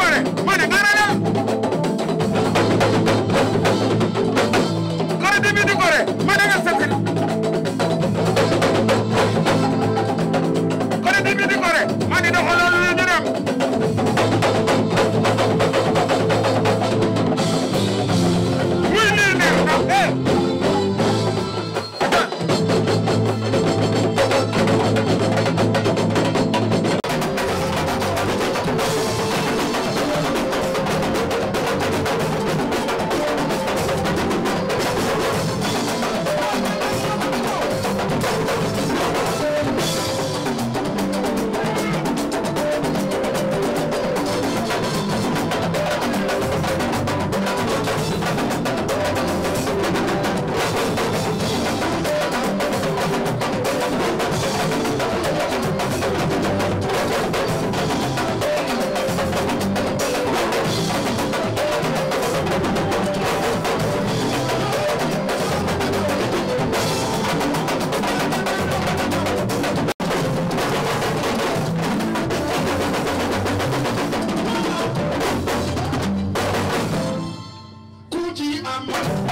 Everybody! Thank you.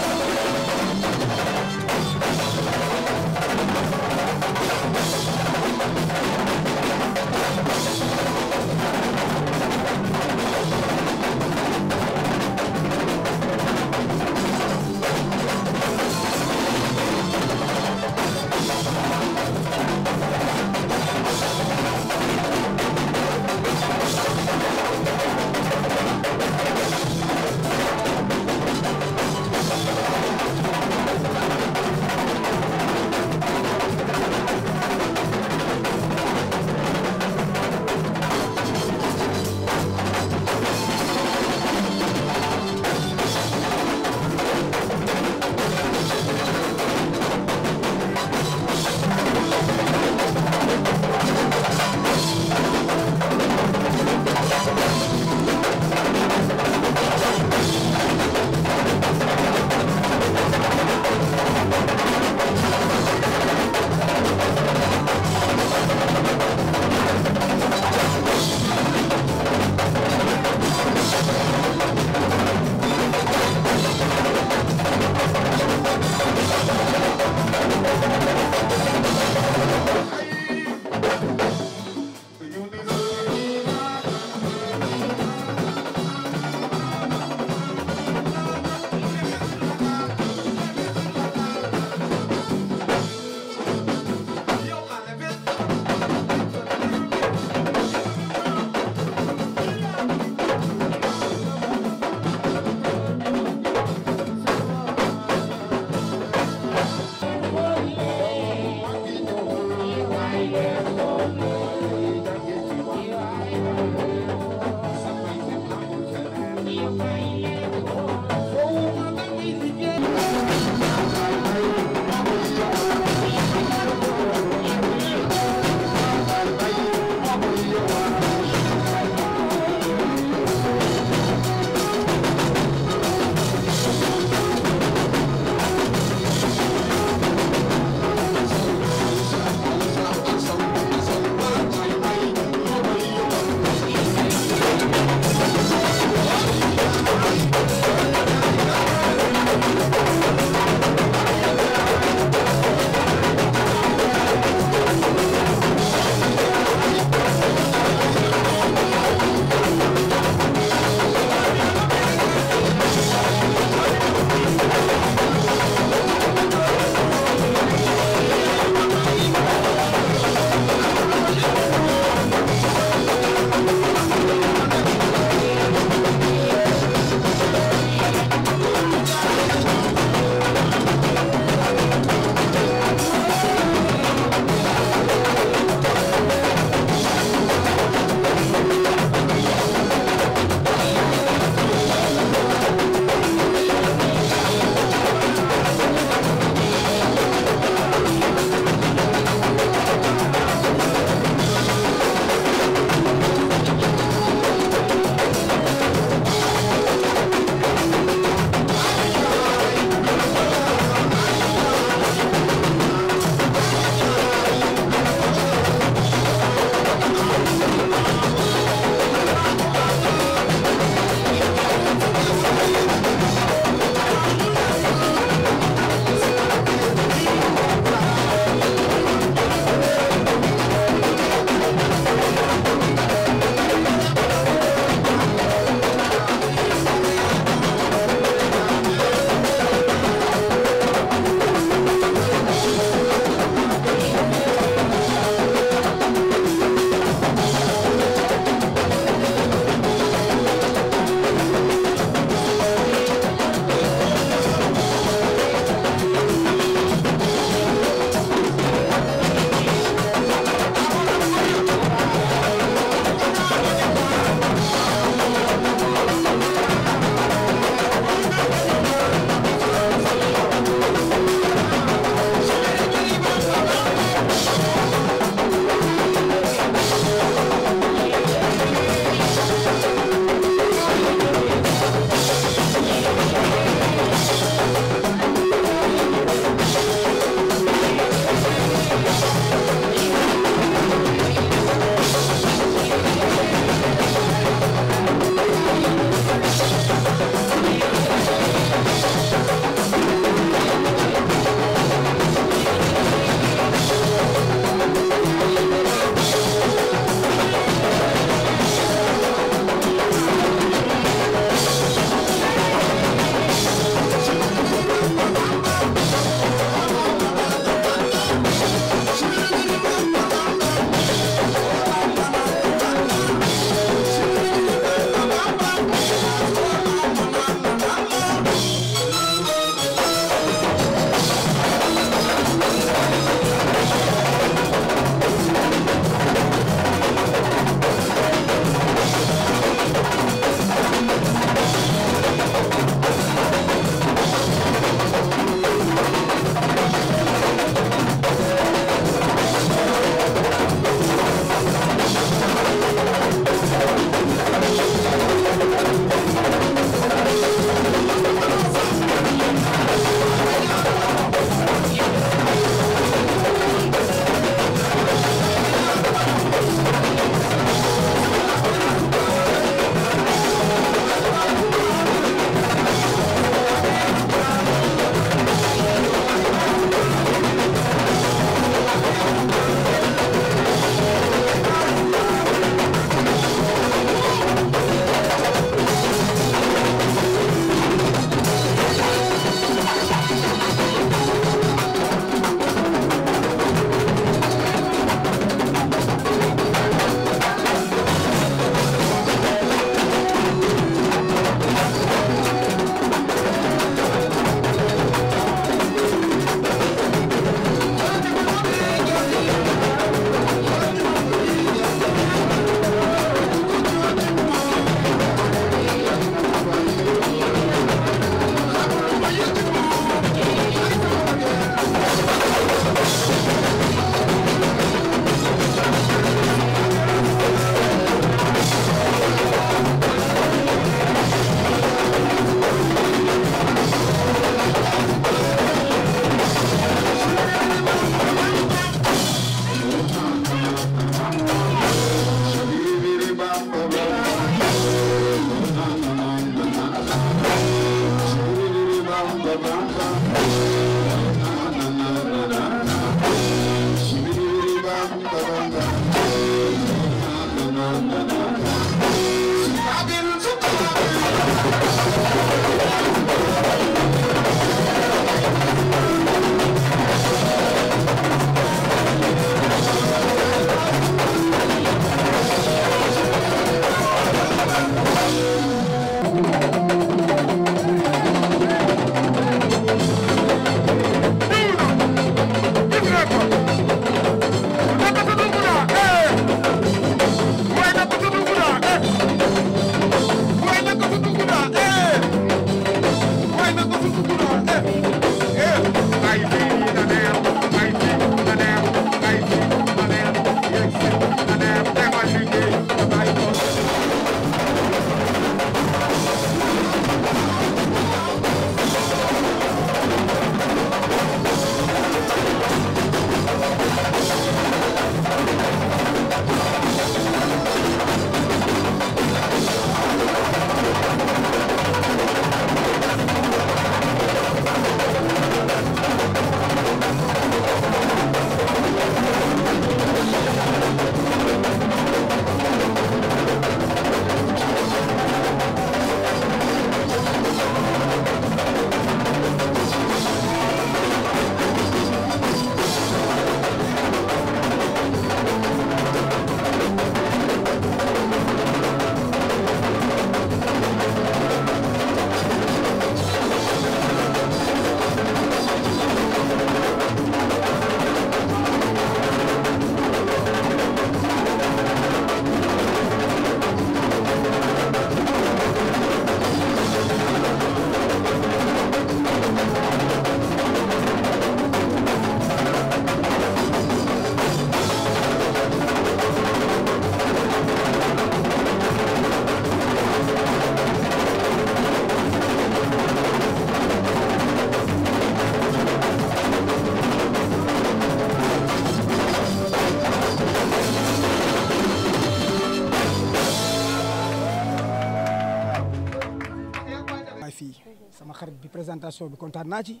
invitation bi kontaan naa ci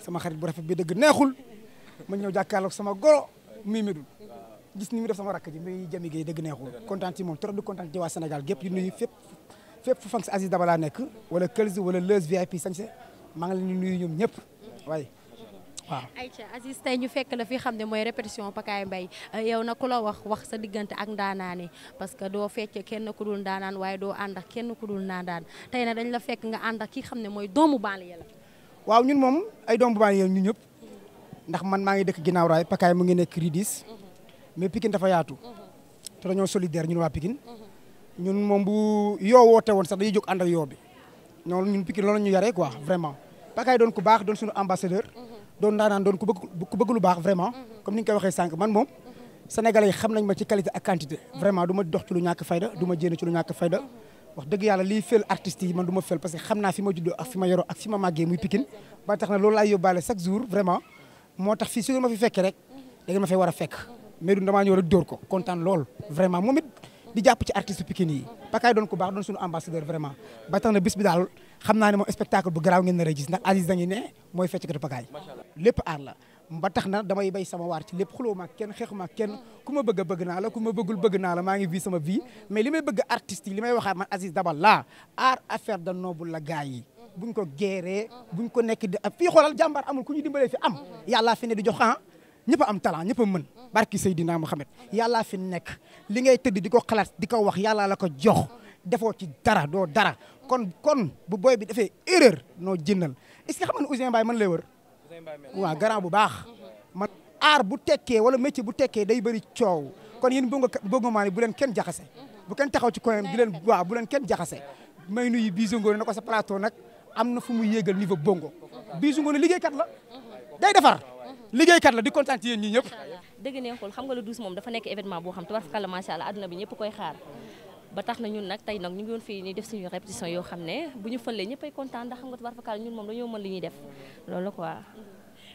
sama xarit bu rafet bi dëgg neexul ma ñëw jàkkaarloog sama goro muy medul gis ni mu def sama rakk ji muy Jami Gueye dëgg neexul kontaan ci moom trop du kontaan ci waa Sénégal gépp yu nuyu fépp fépp fu fan si Aziz Dabala nekk wala Kels wala Leuz VIP sañse maa ngi leen di nuyu ñoom ñëpp waaye waaw Aïcha Aziz tey ñu fekk la xam ne mooy répétition Pakaay Mbaye yow na ku la wax wax sa diggante ak ndaanaane parce que doo fecc kenn ku dul ndaanaan waaye doo ànd kenn ku dul ndaanaan tey na dañ la fekk nga ànd ak ki xam ne mooy doomu banlieue la waaw ñun moom ay doomu banlieue ñu ñëpp ndax man maa ngi dëkk ginnaaw raay Pakaay mu ngi nekk ridis mais Pikine dafa yaatu te dañoo solidaire ñun waa Pikine ñun moom bu yow woo te woon sax dañuy jóg ànd ak yoo bi noonu ñun Pikine loolu ñu yaree quoi vraiment Pakaay doon ku baax doon suñu ambassadeur doon ndaanaan don ku bëgg ku bëgg lu baax vraiment mhm. comme ni nga koy waxee sànq man mom sénégalais yi xam nañ ma ci qualité ak quantité mhm. vraiment duma ma dox ci lu ñak fayda duma jéne ci lu ñak fayda mhm. wax deug yalla li fel artiste yi man duma ma fel parce que xamna fi ma juddoo ak fi ma yoro ak fi ma màggee muy Pikine ba tax na loolu laay yóbbaale chaque jour vraiment motax fi suñu ma fi fekk rek da nga ma fay wara fekk mais du damaa ñëw rek dóor ko kontaan lool vraiment momit di jàpp ci artiste Pikine yi Pakaay doon ku baax doon suñu ambassadeur vraiment ba na bis bi daal xam naa ne moom spectacle bu garaaw ngeen nar a gis ndax Aziz da ne mooy feccekatu Pakaay lépp aar la ba na damay bay sama waar ci lépp xuloo ma kenn xeexu ma kenn ku ma bëgg a naa la ku bëggul bëgg naa la maa ngi vie sama vie mais li may bëgg artistes yi li may waxaat man Aziz Dabala la aar affaire de noble la gars yi buñ ko géeree buñ ko nekk xoolal jàmbaar amul ku ñu dimbalee am yàllaa fi di jox ah ñëpp a am talent ñëpp a mën barki Seydina Mohamed yàllaa fi nekk li ngay tëdd di ko xalaat di ko wax yàllaa la ko jox defoo ci dara doo dara kon kon bu booy bi defee erreur noo jëndal est-ce que xam nga Ouzin Mbaye man lay wër waaw garant bu baax man aar bu tekkee wala métier bu tekkee day bari coow kon yéen bëgg bëgg maa ne bu leen kenn jaxase bu kenn taxaw ci coin di leen waaw bu leen kenn jaxase may nuyu Bijou Ngoné na ko sa plateau nag am na fu mu yéegal niveau bongo Bijou Ngoné liggéeykat la day defar liggéeykat la di kontaan ci yéen ñi ñëpp dëgg neexul xam nga le 12 moom dafa nekk événement boo xam tubarfakala macha allah adduna bi ñëpp koy xaar ba tax na ñun nag tey nag ñu ngi woon fii nii def suñu répétition yoo xam ne bu ñu fëlee ñëppay kontaan ndax xam nga tubarfakala ñun moom dañoo mën li ñuy def loolu quoi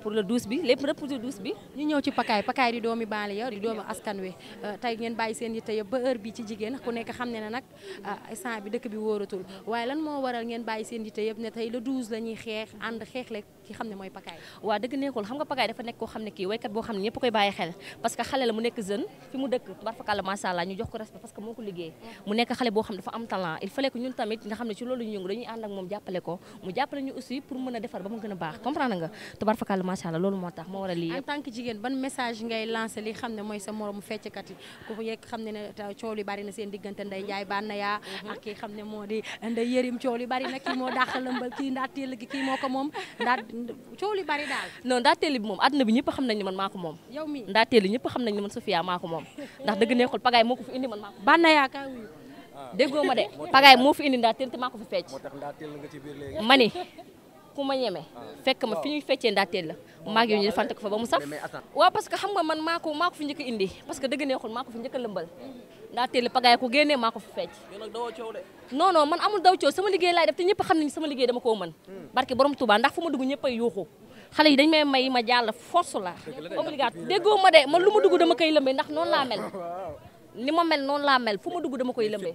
pour le douze bi lépp ñu ñëw ci pakaay pakaay di doomi baale ya di doomi askan wi euh, tey ngeen bàyyi seen yitte yëpp ba heure bi ci jigéen ku nekk xam ne nag moom jàppale ko mu jàppale ñu aussi pour mën a defar ba mu gën a baax comprendre nga tabarfakàlla macha allah loolu moo tax moo war a lii en tant que jigéen ban message ngay lancé li xam ne mooy sa moromu fecckat yi ku yegg xam ne ne coow li bari na seen diggante nday njaay baan na yaa mhm. ki xam ne moo di nday yërim coow bari na kii moo dàq lëmbal kii ndaa teel gi kii moo ko moom ndaa coow bi moom àdduna bi ne man bi ñëpp xam pagaay moo ko indi man maa ko baan na ma de pagaay moo fi indi ndaa teel te maa ko fi fecc moo tax ndaa teel nga ci biir léegi ku ma ah. fekk ma fi ñuy feccee ndaateen la maag yow ñu ko fa ba mu saf waaw parce que xam man maa ko fi njëkk indi parce que dëgg neexul maa ko fi njëkk a lëmbal ndaateen la pagaay ko génnee maa fi fecc non man amul daw coow sama liggéey laay def te ñëpp xam sama liggéey dama koo mën hmm. barke borom Touba ndax fu ma dugg ñëpp yuuxu xale yi dañ may may ma jàll force la obligatoire déggoo ma de man lu ma dugg dama koy lëmbee ndax noonu ni ma mel noonu laa mel fu ma dugg dama koy lëmbee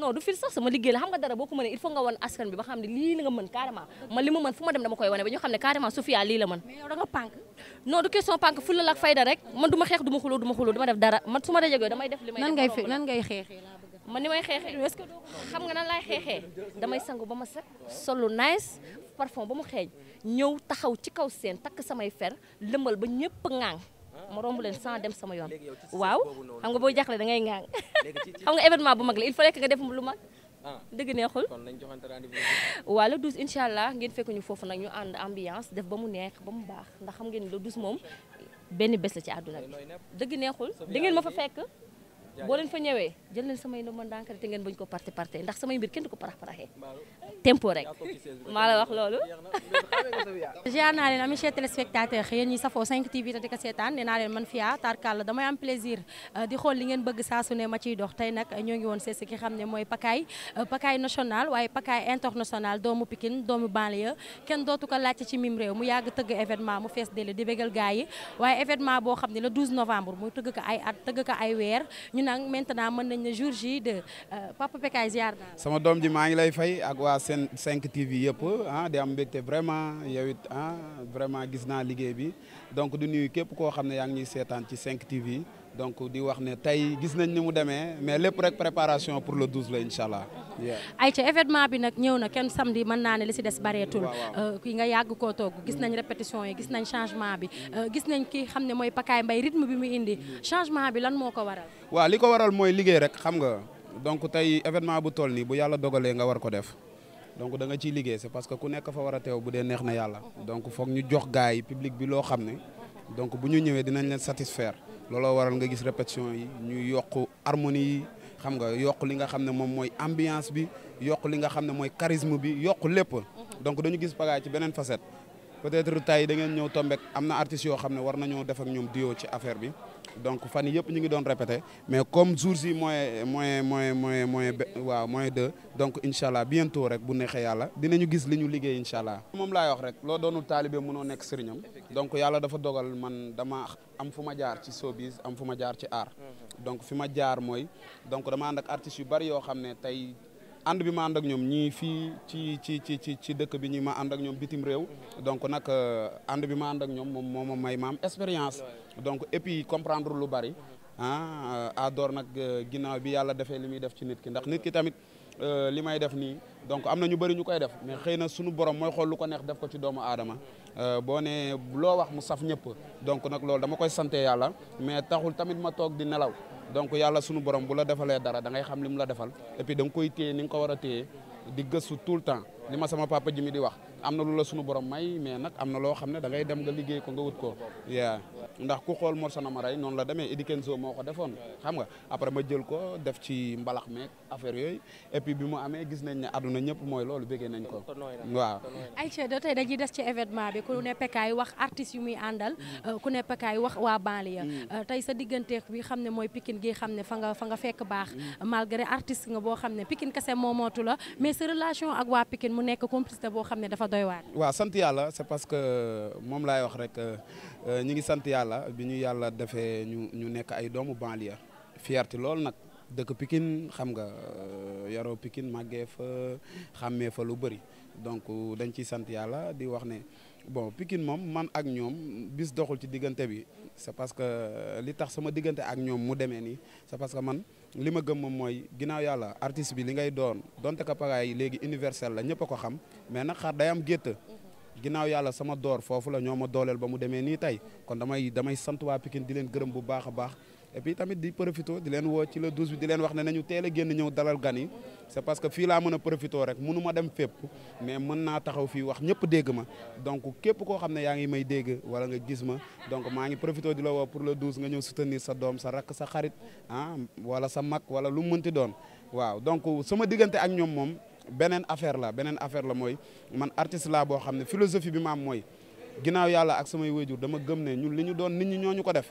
non du fil sax sama liggéey la xam nga dara boo ko mënee il faut nga wan askan bi ba xam ne lii la nga mën carrément man li ma mën fu ma dem dama koy wane ba ñu xam ne carrément Sofia lii la mën mais yow da du question pànk fulla la fayda rek man du ma xeex du ma xuloo du ma xuloo du ma def dara man su ma dajeg damay may xeexee man ni may xam nga nan laay xeexee damay sangu ba ma set solu nice parfum ba mu xeeñ ñëw taxaw ci kaw seen takk samay fer lëmbal ba ñëpp ŋaang ma romb leen sans dem sama yoon waaw xam nga boo jaaxle da ngay ŋaang xam nga événement bu mag la il faut rek nga def lu mag ah. dëgg neexul waaw le 12 incha allah ngeen fekk ñu foofu nag ñu ànd ambiance def ba mu neex ba mu baax ndax xam ngeen le 12 moom benn bés la ci àdduna bi dëgg neexul da ngeen ma fa fekk boo leen fa ñëwee jël leen samay ndomba ndànk te ngeen bañ ko parti parti ndax samay mbir kenn du ko parax paraxee tempo rek maa la wax loolu. jaar naa leen ami chers téléspectateurs yéen ñi safoo 5 TV te di ko seetaan nee naa leen man Fia tarkal damay am plaisir euh, di xool li ngeen bëgg saa su ne ma ciy dox tey nag ñoo ngi woon seesi ki xam ne mooy Pakaay euh, Pakaay national waaye Pakaay international doomu Pikine doomu banlieue kenn dootu ko laajte ci mim réew mu yàgg tëgg événement mu fees délai di bégal gars yi waaye boo xam ne le 12 novembre mu tëgg ko ay at tëgg ko ay weer maintenant mën nañ ne jour J de euh, Papa Bécaye ziar naa sama doom ji maa ngi lay fay ak waa 5 TV yëpp ah di am mbégte vraiment yow it ah vraiment gis naa liggéey bi donc du nuyu képp koo xam ne yaa ngi ñuy ci 5 TV donc di wax né tay gis nañ ni mu démé mais lépp rek préparation pour le 12 là incha ay ca événement bi nag ñëw na kenn samedi mën naa ne li si des bareetul euh, kii nga yàgg koo toog gis nañ répétition yi gis nañ changement bi euh, gis nañ kii xam ne mooy Pakaay Mbaye rythme bi mu indi changement bi lan moo ko waral waaw li ko waral mooy liggéey rek xam nga donc tey événement bu toll nii bu yàlla dogalee nga war ko def donc da nga ciy liggéey c'est parce que ku nekk fa war a teew bu dee neex na yàlla donc foog ñu jox gars yi public bi loo xam ne donc bu ñu ñëwee xam nga yokk li nga xam ne moom mooy ambiance bi yokk li nga xam ne mooy charisme bi yokk lépp mhm. donc dañu gis Pagaye ci beneen facette peut-être tay da ngeen ñëw tombek am na artistes yoo xam ne war nañoo def ak ñoom duo ci affaire bi donc fan yëpp ñu ngi doon répété mais comme jour si mooy mooy mooy mooy mooy waaw mooy deux donc incha allah bientôt rek bu neexee yàlla dinañu gis li ñu liggéey incha allah. moom laay wax rek loo doonul taalibe mënoo nekk sëriñam donc yàlla dafa dogal man dama am fu ma jaar ci showbiz am fu ma jaar ci art mhm. donc fi ma jaar mooy donc dama ànd ak artistes yu bari yoo xam ne tey ànd bi ma ànd ak ñoom ñii fii ci ci ci ci ci dëkk bi ñi ma ànd ak ñoom bitim réew. donc nag and euh, bi ma ànd ak ñoom moom moo ma may maam expérience. donc et puis comprendre lu bari. ah Ador euh, nag euh, ginnaaw bi yàlla defee li muy def ci nit ki ndax nit ki tamit. Euh, li may def nii donc am na ñu bëri ñu koy def mais xëy na suñu borom mooy xool lu ko neex def ko ci doomu aadama euh, boo nee loo wax mu saf ñëpp donc nag loolu dama koy sante yàlla mais taxul tamit ma toog di nelaw donc yàlla sunu borom bu la defalee dara da ngay xam li mu la defal et puis da nga koy téye ni nga ko war a téye di gësu tout le temps li ma sama papa ji mi di wax am na lu la sunu borom may mais nag am na loo xam ne da ngay dem nga liggéey ko nga wut ko yaa ndax ku xool Mor Sana Maray noonu la demee Eddie Kenzo moo ko defoon xam nga après ma jël ko def ci mbalax meek affaire yooyu bi mu amee gis nañ ne àdduna ñëpp mooy loolu bëggee nañ ko waaw Aïcha da tey dañuy des ci bi ku ne Pekaay wax artistes yu muy àndal mm. ku ne Pekaay wax waa banlieue mm. euh, sa digganteek bi ne mooy Pikine gi xam fa nga fa nga fekk baax mm. boo xam ne Pikine moomootu la mais sa relation ak waa Pikine mu nekk complicité boo xam ne dafa waa waar. waaw sant yàlla c'est parce que euh, moom laay wax rek euh, euh, ñu ngi sant yàlla bi ñu yàlla defee ñu ñu nekk ay doomu banlieue fierté lool nag dëkk Pikine xam nga yaroo Pikine màggee fa xàmmee fa lu bëri donc dañ ciy sant yàlla di wax ne bon Pikine moom man ak ñoom bis doxul ci diggante bi c'est parce que li tax sama diggante ak ñoom mu demee nii c'est parce que man. li ma gëm moom mooy ginaaw yàlla artiste bi li ngay doon donte ka pagaay léegi universel la ñëpp a ko xam mais na xar day am gétt ginnaaw yàlla sama door foofu la ñoo ma dooleel ba mu demee nii tey kon damay damay sant waa Pikine di leen gërëm bu baax a baax et puis tamit di profito di len wo ci le 12 bi di len wax ne nañu teel a génn ñëw dalal gan yi c'est parce que fi la mëna profito rek mënu ma dem fep mais mën naa taxaw fi wax ñëpp dégg ma donc képp ko xamné ne ngi may dégg wala nga gis ma donc ma ngi profito di la wo pour le 12 nga ñew soutenir sa dom sa rak sa xarit hein wala sa mak wala lu mënti doon waaw donc sama digënté ak ñom mom benen affaire la benen affaire la moy man artiste la bo xamné philosophie bi ma am mooy ginnaaw yàlla ak sama wéjur dama gëm né ñun li ñu doon nit ñi ñoo ñu ko def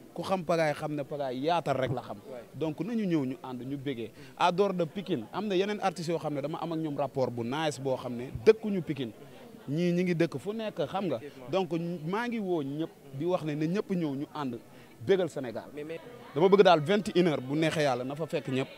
ku xam pagaay xam ne pagaay yaatal rek la xam donc nañu ñëw ñu ànd ñu bégee à door de am na yeneen artistes yoo xam ne dama am ak ñoom rapport bu nice boo xam ne ñu Pikine ñii ñi ngi dëkk fu nekk xam nga donc maa ngi woo ñëpp di wax ne ne ñëpp ñëw ñu ànd bégal Sénégal dama bëgg daal vingt et heure bu neexee yàlla na fa fekk ñëpp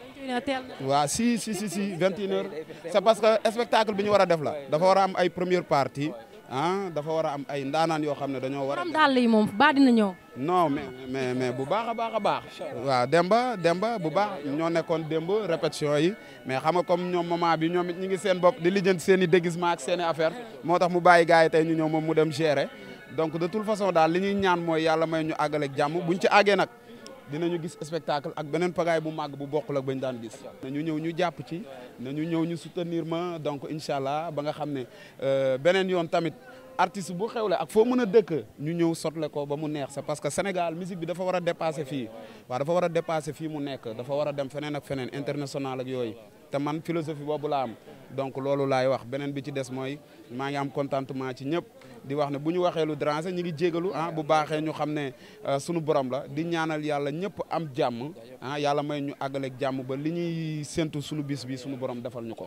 waaw si si si si vingt et une heure c'est parce que spectacle bi ñu war a def la dafa war a am ay première partie ah dafa war a am ay ndaanaan yoo xam ne dañoo war a. dàll yi moom baa dina ñëw. non mais mais mais bu baax a baax a baax. waaw Demba Demba bu baax ñoo nekkoon demba répétition yi mais xam nga comme ñoom moment bi ñoom it ñu ngi seen bopp di lijjanti seen i déguisement seeni seen i affaire moo tax mu bàyyi gars yi tey ñu ñëw moom mu dem gérer donc de toute façon daal li ñuy ñaan mooy yàlla may ñu àggale ak jàmm buñ ci àggee nag. dinañu gis spectacle ak beneen pagaay bu màgg bu bokkul ak bañ daan gis. nañu ñëw ñu jàpp ci na ñu ñëw ñu soutenir ma donc incha allah ba nga xam ne euh, beneen yoon tamit artiste bu xewle ak foo mën a dëkk ñu ñëw sotle ko ba mu neex sa parce que Sénégal musique bi dafa war a dépasser fii waa dafa war a dépasser fii mu nekk dafa war a dem feneen ak feneen international ak yooyu. te man philosophie boobu laa am donc loolu laay wax beneen bi ci des mooy maa ngi am contentement ci ñëpp di wax ne bu ñu waxee lu dérangé ñu ngi jégalu ah bu baaxee ñu xam ne euh, sunu borom la di ñaanal yàlla ñëpp am jàmm ah yàlla may ñu àggaleeg jàmm ba li ñuy séntu sunu bis bi sunu borom defal ñu ko.